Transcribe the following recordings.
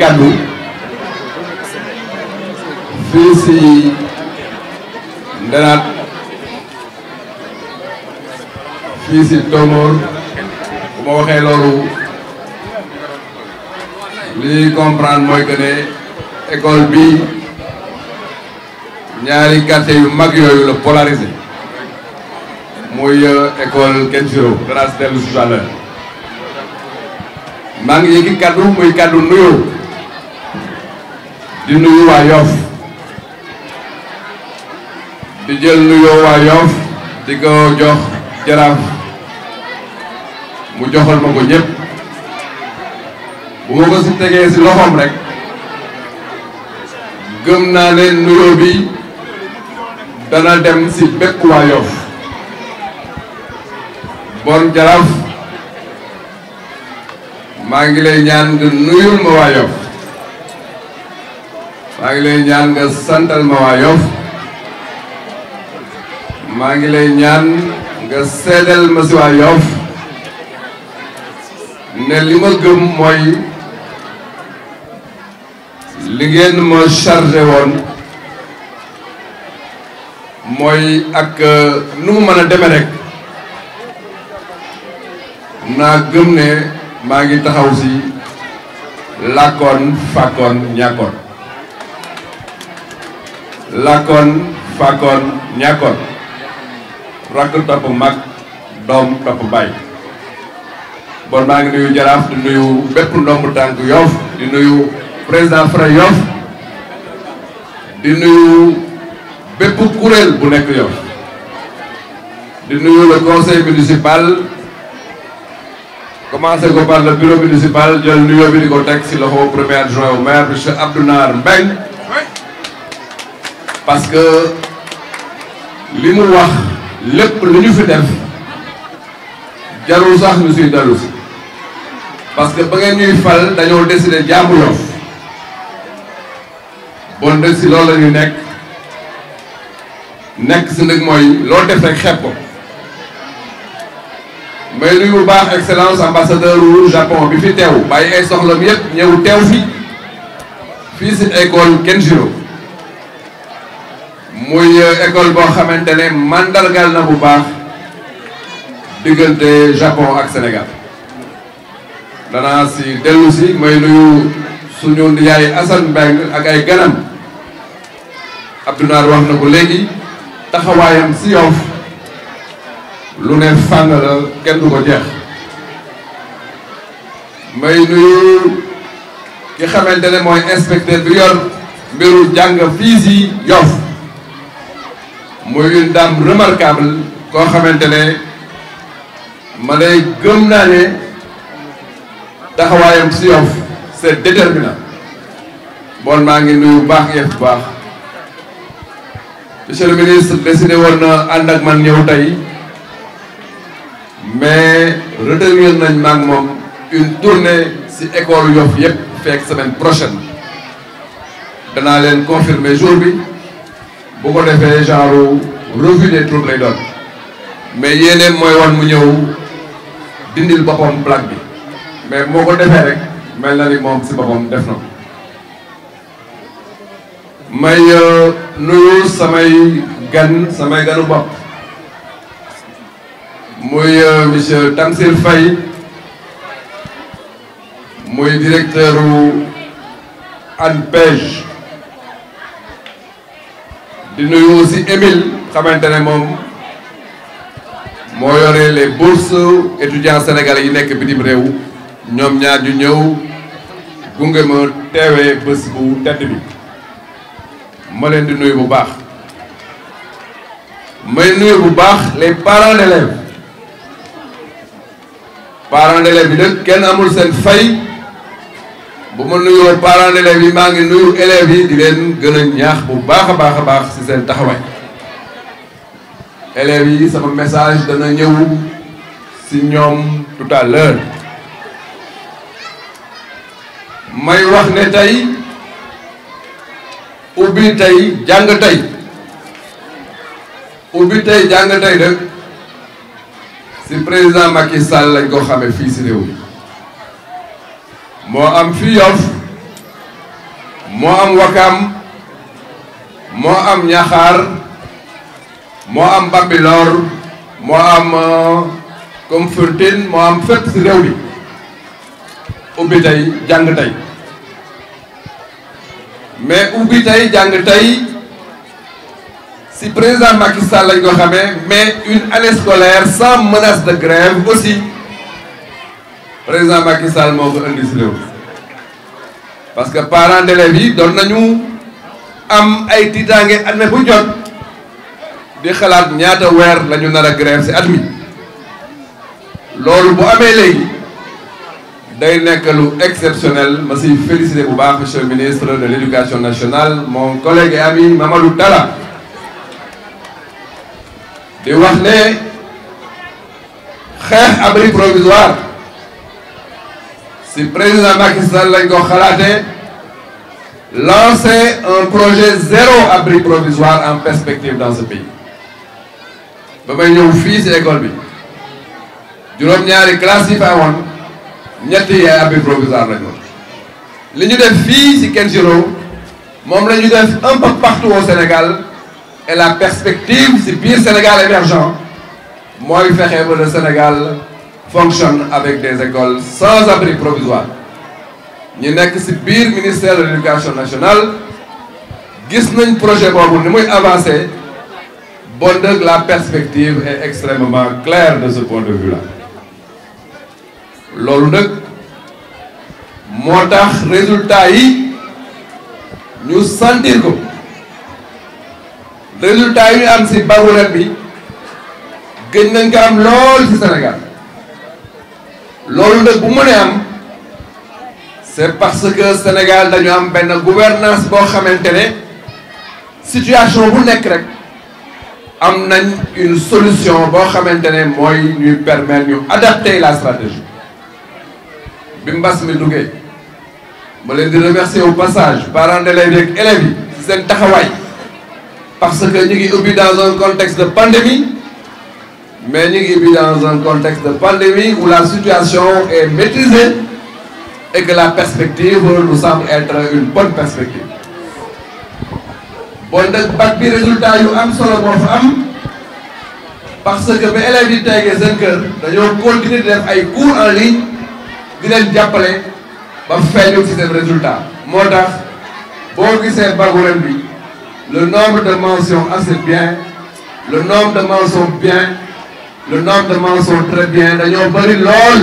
kàddu fii si Ndenaat fii si Tongoor loolu li ñuy comprendre mooy que école bi ñaari quartier yu mag yooyu la polarisé muy euh, école Kenshiro danaa si dellu si maa ngi yëgi kaddu muy kaddu nuyoo di nuyu waa Yoff di jël nuyoo waa Yoff di ko jox jaraaf mu joxal ma ko ñëpp bu ma ko si tegee si loxoom rek gëm naa ne nuyoo bi dana dem si bépp waa Yoff bon jaraaf maa ngi lay ñaan nga nuyul ma waa Yoff maa ngi lay ñaan nga santal ma waa Yoff maa ngi lay ñaan nga seedal ma si waa Yoff ne li ma gëm mooy li ngeen ma chargé woon mooy ak euh, nu mu mën a demee rek naa gëm ne maa ngi taxaw si làkkoon fàkkoon ñàkkoon lakkoon fakkoon ñàkkoon rakk topp mag doom topp baay bon maa ngi nuyu jaraaf di nuyu bépp ndomb tànk yoof di nuyu président fra yoof di nuyu bépp kuréel bu nekk yoof di nuyu le conseil municipal commencé ko par le bureau municipal jël nuyoo bi di ko teg ci loxo premier adjoint au monsieur Abdou Nar Mbengue parce que li mu wax lépp lu ñu fi def jarul sax ñu suy dalu si parce que ba ngeen ñuy fal dañoo décider jàmm Yoff bon dëgg si loolu la ñu nekk nekk si nag mooy loo def rek xeeb ko may bu baax excellence ambassadeur wu Japon bi fi teew bàyyi ay soxlam yépp ñëw teew si fii si école Kenjiro muy école boo xamante ne mandargal na bu baax diggante Japon ak Sénégal danaa si dellu si may nuyu suñu yaay Assane Mbengue ak ay ganam Abdounaar wax na ko léegi taxawaayam si Yoff lu ne fàng la kenn du ko jeex may nuyu ki xamante ne mooy inspecteur bi yor mbiru jàng fii si Yoff muy une dame remarquable koo xamante ne ma lay gëm naa ne taxawaayam si Yoff c'est déterminant bon maa ngi nuyu baax yëf baax monsieur le ministre décidé woon na ànd ak man ñëw tey mais retenir nañ maag moom une tournée si école Yoff yëpp feek semaine prochaine danaa leen confirmer jour bi bu ko defee genre revue des lay doon mais yéeneen mooy wan mu ñëw dindil boppam plaque bi mais moo ko defee rek mais la ni moom si boppam def na ko euh, nuyu samay gan samay ganu bopp muy euh, monsieur Tamsir Faye muy directeur ANPEJ di nuyu si Émile xamante ne moom moo yore les bourses étudiants sénégalais yi nekk bitim réew ñoom ñaar ñu ñëw gunge ma teewee bés bu tedd bi ma leen di nuyu bu baax may nuyu bu baax les parents d'élèves parents d'élèves yi nag kenn amul seen fay bu ma nuyoo parents d'élèves yi maa ngi nuyu élèves yi di leen gën a ñaax bu baax a baax a baax ci seen taxawaay élèves yi sama message dana ñëw ci ñoom tout à may wax ne tey ubbi tey jàng tey ubbi tey jàng tey rek ci président Macky Sall lañ ko xamee fii ci réew moo am fi moo am Wakam moo am Ñaxaar moo am Bambilor moo am Komfortin euh, moo am fépp si réew mi ubbi tey jàng tey mais ubbi tey jàng tey si président Macky Sall lañ ko xamee mais une année scolaire sans menace de grève aussi président Macky Sall indi si parce que parents d'élèves yi doon nañu am ay tiitaange at mi bu jot di xalaat ñaata weer lañu ñu nar a grève si at mi loolu bu amee léegi day nekk lu exceptionnel ma siy félicité bu baax monsieur le ministre de l' éducation nationale mon collègue et ami Mamadou Talla di wax ne xeex abri provisoire si président Macky Sall lañ ko xalaatee lancer un projet zéro abri provisoire en perspective dans ce pays ba may ñëw fii si école bi juróom-ñaari classe yi fa amoon ñetti abri provisoire lañ woon ñu def fii si Kenchiro moom la ñu def un peu partout au Sénégal et la perspective si biir Sénégal émergent mooy fexe ba le Sénégal fonctionne avec des écoles sans abri provisoire ñu nekk ci biir ministère de l'éducation nationale gis nañ projet boobu ni muy avancé bon dëgg la perspective est extrêmement claire de ce point de vue là loolu nag moo tax résultat yi ñu sentir ko résultat yi ñu am ci baroulet bi gën nañ ko am lool ci Sénégal loolu nag bu mënee am c'est parce que Sénégal dañu am benn gouvernance boo xamante ne situation bu nekk rek am nañ une solution boo xamante ne mooy ñuy permettre ñu adapter la stratégie bi mbas mi duggee ma leen di remercier au passage parents d'élèves yeeg élèves yi ci seen taxawaay parce que ñu ngi ubbi dans un contexte de pandémie Mais nous vivons dans un contexte de pandémie où la situation est maîtrisée et la perspective nous semble être une bonne perspective. Bon, donc, les résultats sont parce que les élèves du Sénégal, nous continuons de faire des cours en ligne, de les appeler pour faire ces résultats. Moi, bon, c'est le nombre de mentions assez bien, le nombre de mentions bien, le nombre de mensonges très bien dañoo bëri lool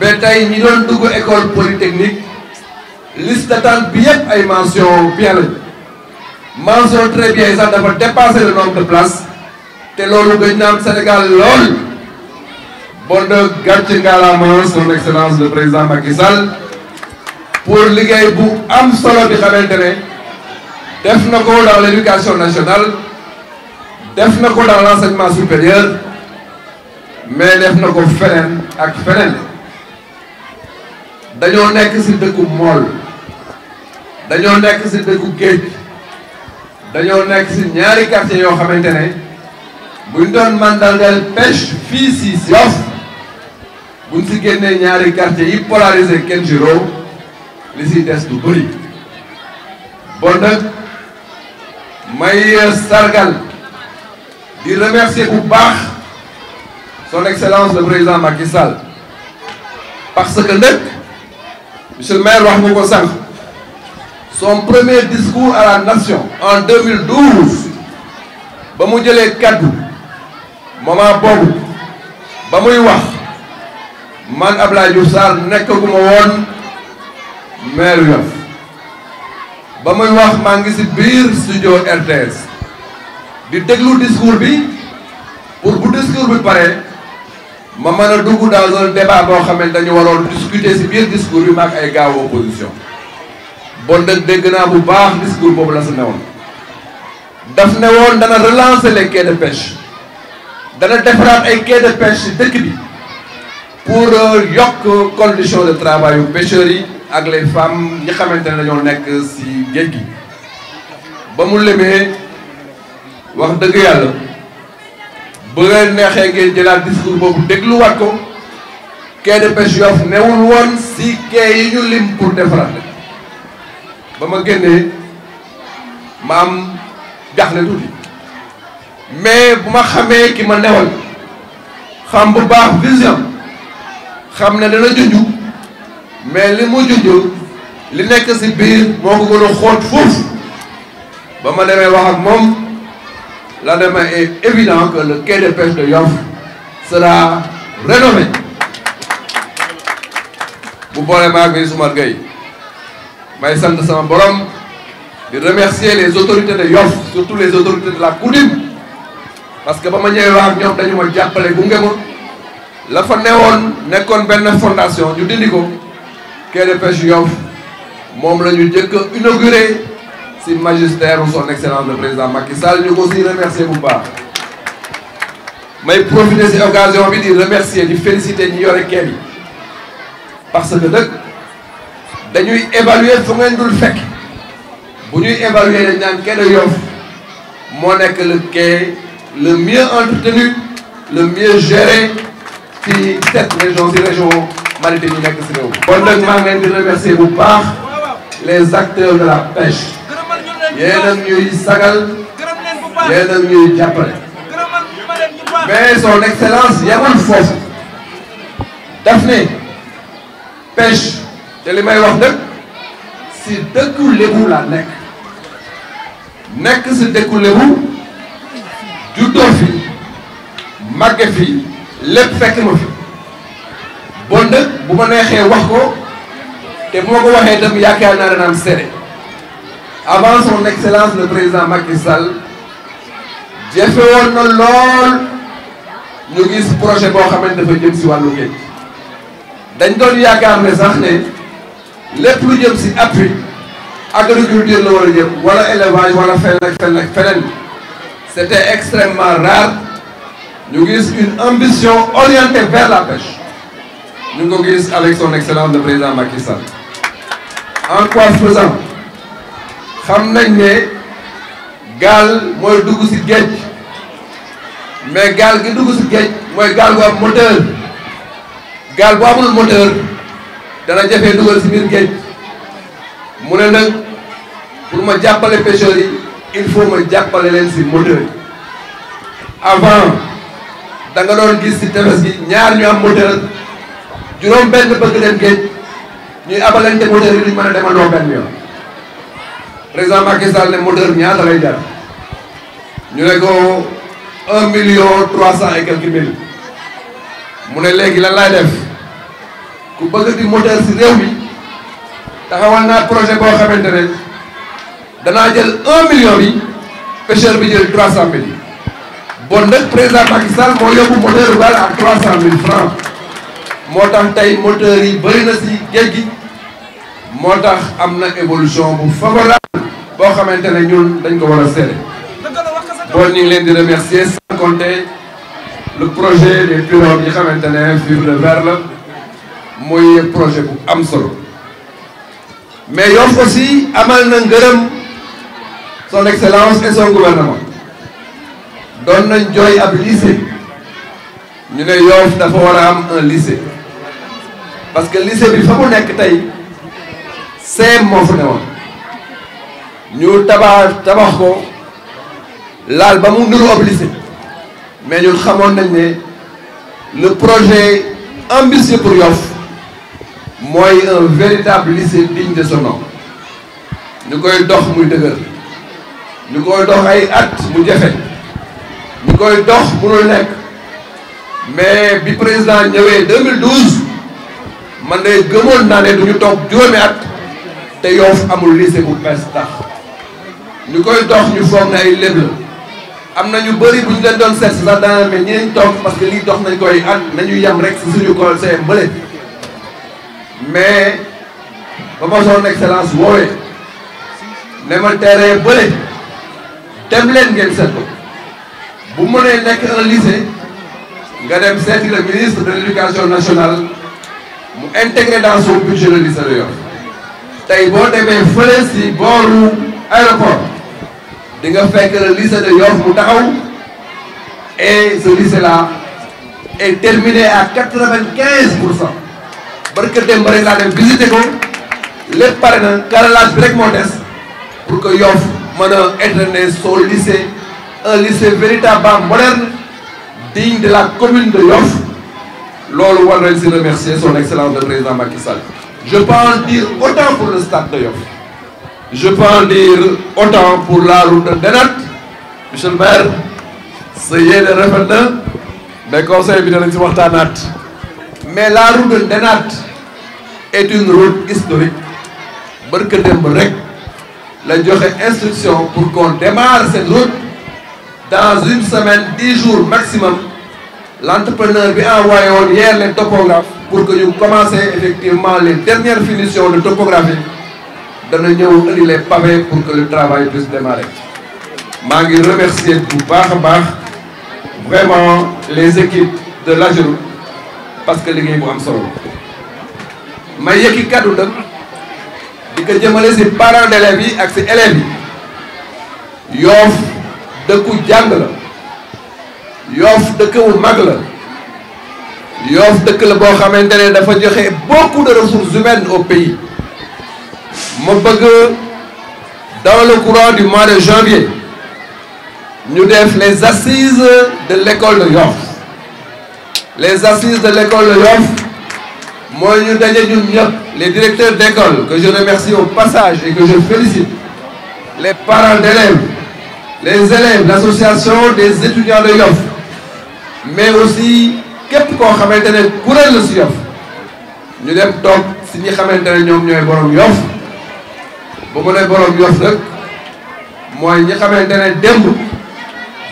ba ñi doon dugg école polytechnique liste d'attente bi yëpp ay mention bien lañ mention très bien sax dafa dépassé le nombre de places te loolu gëj na am Sénégal lool bon de gàcce ngalaama son excellence le président Macky Sall pour liggéey bu am solo bi xamante ne def na ko dans éducation nationale def na ko dans l'enseignement supérieur mais def na ko feneen ak feneen dañoo nekk si dëkku mool dañoo nekk ci dëkku géej dañoo nekk ci ñaari quartier yoo xamante ne ñu doon mandargal pêche fii ci bu buñ ci génnee ñaari quartier yi polarisé kenn ci réew li ci des du bëri bon nag may sargal di remercier bu baax son excellence le président Macky Sall parce que nag monsieur wax nga ko sànq son premier discours à la nation en ba mu jëlee kaddu moment boobu ba muy wax man Abdoulaye Diouf Sarr nekkaguma woon maire Yoff ba muy wax maa ngi si biir studio RTS. di déglu discours bi pour bu discours bi pare ma mën a dugg dans un débat boo xam ne dañu waroon discuter ci biir discours bi maak ay gaaw opposition bon nag dégg naa bu baax discours boobu la sa newoon daf ne woon dana relancer les quais de pêche dana defaraat ay quais de pêche ci dëkk bi pour euh, yokk condition de travail yu pêcheurs yi ak les femmes ñi xamante ne dañoo nekk ci géej gi ba mu lemee wax dëgg yàlla bu neexee ngeen jëlaat discours boobu dégluwaat ko quai de pêche Yoff newul woon si quai yi ñu lim pour defaraat ba ma génnee ma am jaaxle tuuti mais bu ma xamee ki ma newal xam bu baax vision xam ne dana junj mais li mu junj li nekk si biir moo ko gën a xóot foofu ba ma demee wax ak moom. lendemain est évident que le quai de pêche de Yoff sera rénové. bu boolee maag bi Ousmane Gueye may sant sama borom di remercier les autorités de Yoff surtout les autorités de la Coudive parce que ba ma ñëwee wax ñoom dañu ma jàppale gunge ma la fa newoon nekkoon benn fondation ñu dindi ko quai de pêche Yoff moom la jëkk inauguré si magistère ou son excellence le président Macky Sall ñu ko si remercier bu baax may profiter si occasion bi di remercier di féliciter ñi yore kër yi parce que nag dañuy évaluer fu ngeen fekk bu ñuy évaluer dañ naan nekk le quai le mieux entretenu le mieux géré ci cette région si région maritime yi nekk si réew kon nag maa ngi remercier bu baax les acteurs de la pêche yéenam ñuy sagal yéenam ñuy jàppale mais excellence yamul foofu daf ne pêche te li may wax nag si dëkku lébu la nekk nekk si dëkku lébu juddoo fi màgge fi lépp fekk ma fi bon nag bu ma neexee wax ko te bu ma ko waxee dem yaakaar naa ne naan seede avant son excellence le président Macky Sall jafe woon na lool ñu gis projet boo xamante dafa jëm si wàllu géej dañ doon yaakaar ne sax ne lépp lu jëm si appui agriculture la war a jëm wala élevage wala feneen ak feneen ak feneen c'était extrêmement rare ñu gis une ambition orientée vers la pêche ñu ngi ko gis avec son excellence le président Macky en quoi faisant xam nañ ne gaal mooy dugg ci géej mais gaal gi dugg ci géej mooy gaal gu am moteur gaal bu amul moteur dana jafee dugal ci biir géej mu ne nag pour ma jàppale pêcheurs yi il faut ma jàppale leen si moteur yi avant da nga doon gis ci tefes gi ñaar ñu am moteur juróom benn bëgg dem géej ñuy abalante moteur yi duñ mën a demandoo benn président Macky Sall ne moteur ñaata lay jar ñu ne ko un million trois cent et quelques mille mu ne léegi lan laay def ku bëgg di moteur si réew mi taxawal naa projet boo xamante ne danaa jël un million bi pêcheur bi jël trois cent mille bon nag président Macky moo yóbbu moteur bi ak trois cent mille francs moo tax tey moteur yi bëri si géej moo tax am na évolution bu favorable boo xamante ne ñun dañ ko war a seede bon ñu leen di remercier sans compter le projet des pirogues yi xamante ne vivre le vert la mooy projet bu am solo mais Yoff si amal na ngërëm son excellence et son gouvernement doon nañ jooy ab lycée ñu ne Yoff dafa war a am un lycée parce que lycée bi fa mu nekk tey seen moo fa ne woon ñu tabax tabax ko laal ba mu nuru obligé mais ñun xamoon nañ ne le projet ambitieux pour Yoff mooy un véritable lycée digne de son ko ñu koy dox muy dëgër ñu koy dox ay at mu jafe ñu koy dox munul nekk mais bi président ñëwee 2012 man de gëmoon naa ne du ñu toog juróomi at. te Yoff amul lycée bu bees tax ñu koy dox ñu foog na ay léb la am na bëri bu ñu leen doon set sax daanaka mais ñeneen toog parce que lii dox nañ koy ànd nañu yem rek si suñu conseil mbële mais ba ma son excellence woowee ne ma terrain bële dem leen ngeen set ko bu mënee nekk un lycée nga dem seeti le ministre de l' éducation nationale mu intégré dans son budget le lycée de tey boo demee fële si booru aéroport di nga fekk le lycée de Yoff mu taxaw et ce lycée là est terminé à quatre-vingt-quinze pour cent barke démb rek laa dem visité ko lépp pare na carrelage bi rek moo des pour que Yoff mën a étraner son lycée un lycée véritablement moderne digne de la commune de Yoff loolu war nañ si remercier son excellence le président Macky Sall Je peux en dire pour le stade Je peux en pour la route de Denat. monsieur maire sa yéene rafet na mais conseil bi danañ ci waxtaanaat. mais la route de Denat est une route historique barka démb rek la joxe instruction pour qu'on démarre cette route dans une semaine dix jours maximum l'entrepreneur bi envoyé woon hier les topographes pour que ñu commencer effectivement les dernières finitions de topographie dana ñëw indi les pavés pour que le travail puisse démarrer maa ngi remercier bu baax a baax vraiment les équipes de l'AGEROUTE parce que liggéey bu am solo may yëkki kaddu nag di ko jëmale ci parents d'élèves yi ak si élèves yi Yoff dëkku jàng la Yoff dëkku mag la Yoff dëkk la boo xamante ne dafa joxe beaucoup de ressources humaines au pays ma bëgg dans le courant du mois de janvier ñu def les assises de l'école de Yoff les assises de l'école de Yoff mooy ñu daje ñun ñëpp les directeurs d'école que je remercie au passage et que je félicite les parents d'élèves les élèves l'association des étudiants de Yoff mais aussi képp koo xamante ne kuréel la si yof ñu dem toog si ñu xamante ne ñoom ñooy borom yof bu mu ne borom yof nag mooy ñi xamante ne démb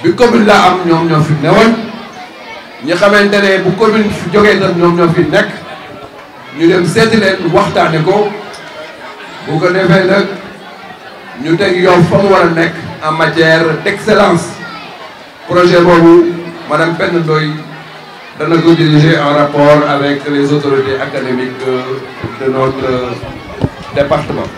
bi commune la am ñoom ñoom fi newoon ñi xamante ne bu commune fi jógee tam ñoom ñoo fi nekk ñu dem seeti leen waxtaane ko bu ko defee nag ñu teg yof fa mu war a nekk en matière d'excellence projet boobu madame Penda Ndoye dana ko diriger en rapport avec les autorités académiques de notre département